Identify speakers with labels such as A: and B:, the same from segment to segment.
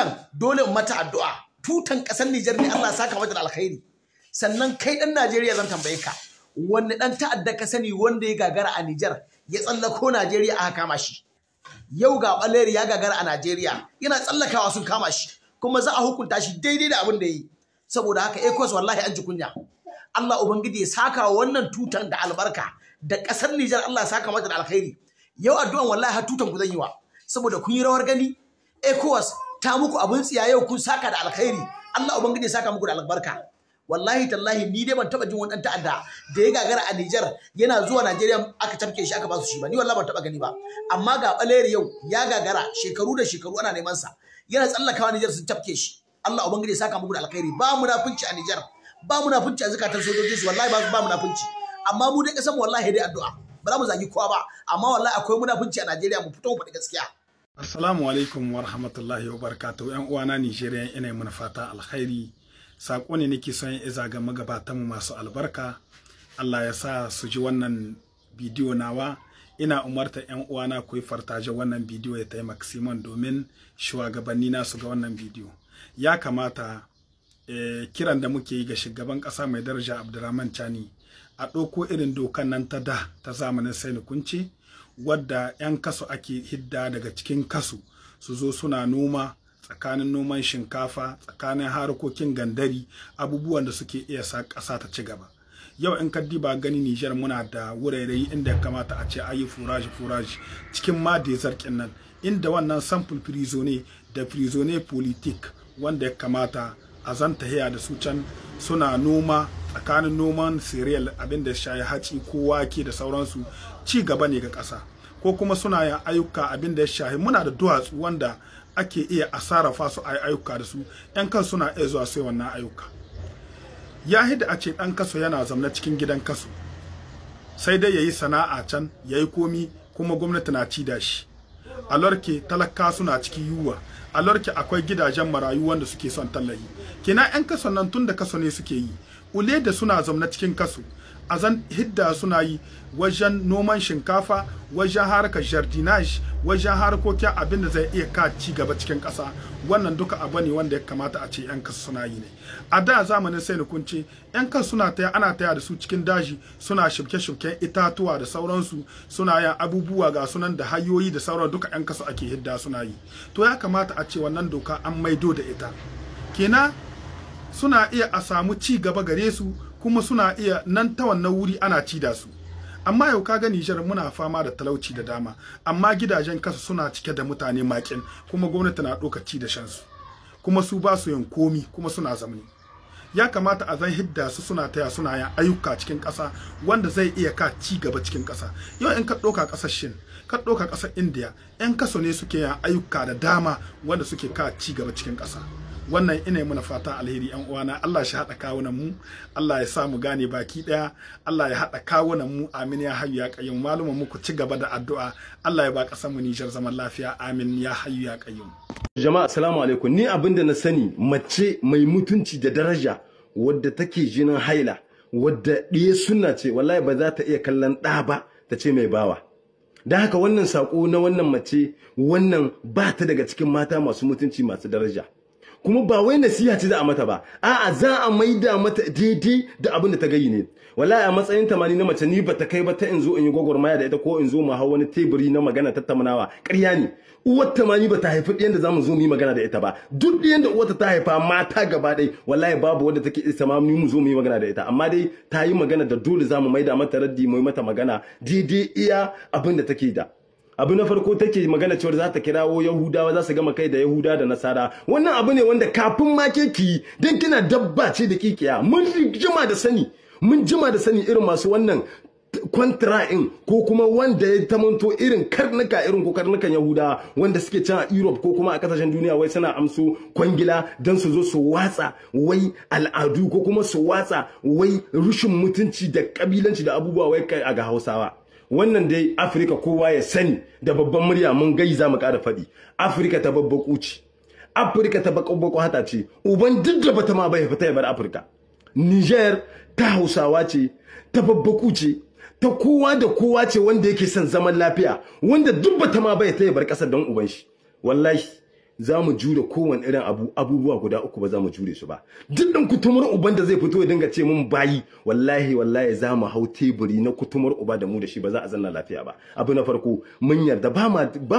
A: tutan dole mata addu'a tutan ƙasar Nijar ne Allah saka wajen da alkhairi sannan kai ɗan Najeriya zan tambaye ka wanne dan ta'adda ka sani wanda ya gagara a Nijar ya tsallako Najeriya aka kama shi yau ga ɓaleri ya gagara a Najeriya yana tsallakawa sun kama shi kuma za a hukunta shi daidai da abin da yi saboda haka ECOWAS eh, wallahi an ji kunya Allah ubangiji ya saka wannan tutan da albarka da ƙasar Nijar Allah saka mata da alkhairi yau addu'an wallahi har tutan ku zan yi wa saboda kun yi rawar gani ECOWAS eh, ta muku abin tsiya yau kun saka da alkhairi Allah ubangiji ya saka muku da albarka wallahi tallahi ni dai ban taba jin wani dan ta'adda da ya gagara a Niger yana zuwa Najeriya aka tafke shi aka ba su shi ba ni wallahi ban taba gani ba amma ga Baleri yau ya gagara shekaru da shekaru ana neman sa yana tsallakawa Niger sun tafke shi Allah ubangiji ya saka muku da alkhairi ba munafunci a Niger ba munafunci a zakatan sojoji su wallahi ba munafunci amma mu dai kasan wallahi dai addu'a ba za mu zagi kowa ba amma wallahi akwai munafunci a Najeriya mu fito mu faɗi gaskiya
B: Assalamu alaikum wa rahmatullahi wa barakatuh ‘yan uwana Nijeriya ina mana fata alkhairi saƙo ne nake son iza ga mu masu albarka Allah ya sa su ji wannan bidiyo nawa ina umarta ‘yan uwana ku yi fartaje wannan bidiyo ya taimaka Simon domin shugabanni na su ga wannan bidiyo ya kamata eh, kiran da muke yi ga shugaban ƙasa mai daraja Abdurrahman Chani a ɗauko irin dokan nan ta da ta zamanin sai kunci wadda 'yan kasu ake hidda daga cikin kasu su zo suna noma tsakanin noman shinkafa tsakanin harkokin gandari abubuwan da suke iya sa ƙasa ta ci gaba yau in kaddi ba gani Nijar muna da wurare inda ya kamata a ce ayi furaji furaji cikin ma da nan inda wannan sample prisone da firizone politik wanda ya kamata a zanta da su can suna noma tsakanin noman cereal abin da shayi haci ko wake da sauransu ci gaba ne ga ƙasa ko kuma suna yin ayyuka abin da ya muna da duwatsu wanda ake iya a sarrafa su a ayyuka da su yan kan suna iya zuwa sai wannan ayyuka ya da a ce ɗan kaso yana zamna cikin gidan kaso sai dai ya yi sana'a can ya yi komi kuma gwamnati na ci da shi a lorke talaka suna cikin yiwuwa a lorke akwai gidajen marayu wanda suke son tallahi kina yan kaso nan tun da kaso ne suke yi ule da suna zamna cikin kasu a zan hidda suna yi wajen noman shinkafa wajen harkar jardinage wajen harkokin abin da zai iya ka ci gaba cikin ƙasa wannan duka abu ne wanda ya kamata a ce 'yan kasu suna yi ne a da zamanin sai kunce 'yan kasu suna taya ana taya da su cikin daji suna shibke-shibken itatuwa da sauransu suna yin abubuwa ga sunan da hayoyi da sauran duka 'yan kasu ake hidda suna yi to ya kamata a ce wannan doka an maido da ita kenan suna iya a samu ci gaba gare su kuma suna iya nan ta wannan wuri ana ci da su amma yau ka gani Nijar muna fama da talauci da dama amma gidajen kasa suna cike da mutane makin kuma gwamnati na ɗaukar ci da shan su kuma su ba su yin komi kuma suna zamani ya kamata a zan hidda su suna taya suna yin ayyuka cikin ƙasa wanda zai iya ka ci gaba cikin ƙasa yau in ka ɗauka ƙasar shin ka ɗauka ƙasar indiya 'yan kaso ne suke yin ayyuka da dama wanda suke ka ci gaba cikin ƙasa wannan ina muna fata alheri yan uwana Allah shi hada kawunan mu Allah ya sa mu gane baki daya Allah ya hada kawunan mu amin ya hayyu ya qayyum malumin mu ku ci gaba da addu'a Allah ya ba ƙasa mu nijar zaman lafiya amin ya hayyu ya qayyum
C: jama'a assalamu alaikum ni da na sani mace mai mutunci da daraja wadda take jinin haila wadda ɗaya sunna ce wallahi ba za ta iya kallon ɗa ba ta ce mai bawa da haka wannan saƙo na wannan mace wannan ba ta daga cikin mata masu mutunci masu daraja kuma ba wai nasiha ce za a mata ba a'a za a maida mata daidai da abin da ta gayi ne wallahi a matsayin tamani na mace ni ba ta kai ba ta in zo in yi gwagwarmaya da ita ko in zo mu hau wani teburi na magana tattaunawa ƙarya ne uwar tamani ba ta haifi ɗiyan da za mu zo mu yi magana da ita ba duk ɗiyan da uwarta ta haifa mata gaba ɗaya wallahi babu wanda take isa ma mu zo mu yi magana da ita amma dai ta yi magana da dole za mu maida mata raddi mu yi mata magana daidai iya abin da take da abu na farko take magana cewa za ta kirawo yahudawa za su gama kai da yahuda da nasara wannan abu ne wanda kafin ma ke ki dan kina dabba ce da kikiya mun jima da sani mun jima da sani irin masu wannan in ko kuma wanda ya tamanto irin karnuka irin ko karnukan yahuda wanda suke can a europe ko kuma a kasashen duniya wai suna amso kwangila don su zo su watsa wai al'adu ko kuma su watsa wai rushin mutunci da kabilanci da abubuwa wai a ga hausawa wannan dai afirka kowa ya sani da babban murya mun gai za mu ƙara faɗi afirka ta babbaku ce afirka ta babbaku hata ce uban duk da bata ma bai fita bar afirka niger ta hausawa ce ta babbaku ce ta kowa da kowa ce wanda yake son zaman lafiya wanda duk bata ma bai ta bar ƙasar don uban shi wallahi za mu jure kowane irin abubuwa guda uku ba za mu jure su ba duk kutumar uban da zai fito ya dinga ce mun bayi wallahi wallahi za mu hau teburi na kutumar uba da mu da shi ba za a zanna lafiya ba abu na farko mun yarda ba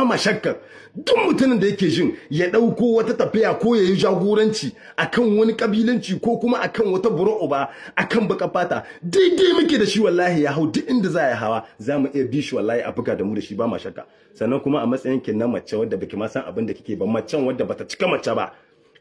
C: ma shakkar duk mutumin da yake jin ya ɗauko wata tafiya ko ya yi jagoranci akan wani kabilanci ko kuma akan wata buru uba akan baka fata daidai muke da shi wallahi ya hau duk inda za ya hawa za mu iya bi shi wallahi a buga da mu da shi ba ma shakka sannan kuma a matsayin kin na mace wadda baki ma san abin da kike ba mace macen wadda bata cika mace ba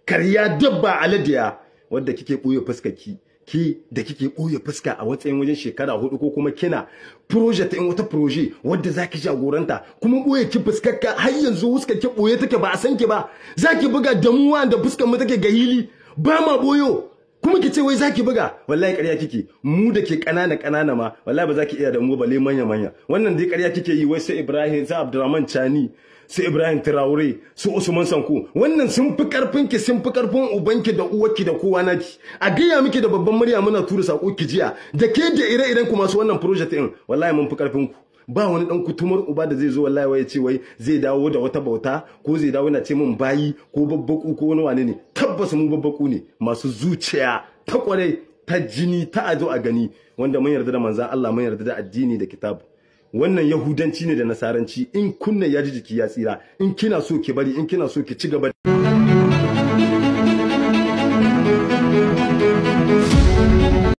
C: karya dabba aladiya wadda kike ɓoye fuskar ki ki da kike ɓoye fuska a watsayin wajen shekara hudu ko kuma kina project in wata proje wadda zaki jagoranta kuma ɓoye ki fuskar ka har yanzu fuskar ki ɓoye take ba a san ki ba zaki buga damuwa da fuskar mu take ga hili ba ma ɓoyo kuma ki ce wai zaki buga wallahi ƙarya kike mu da ke ƙanana ƙanana ma wallahi ba za iya da mu balle manya manya wannan dai ƙarya kike yi wai sai Ibrahim sai Abdurrahman Chani su Ibrahim Traore su Usman Sanko wannan sun fi karfin ki sun fi karfin ubanki da uwarki da kowa naki a gaya miki da babban murya muna tura sako ki jiya da ke da ire-iren ku masu wannan project din wallahi mun fi karfin ku ba wani dan kutumar uba da zai zo wallahi wai ce wai zai dawo da wata bauta ko zai dawo yana ce min bayi ko babbaku ko wani wane ne tabbas mu babbaku ne masu zuciya ta kwarai ta jini ta ado a gani wanda mun yarda da manzan Allah mun yarda da addini da kitabu wannan yahudanci ne da nasaranci in kunna ya ji jiki ya tsira in kina so ki bari in kina so ki ci gaba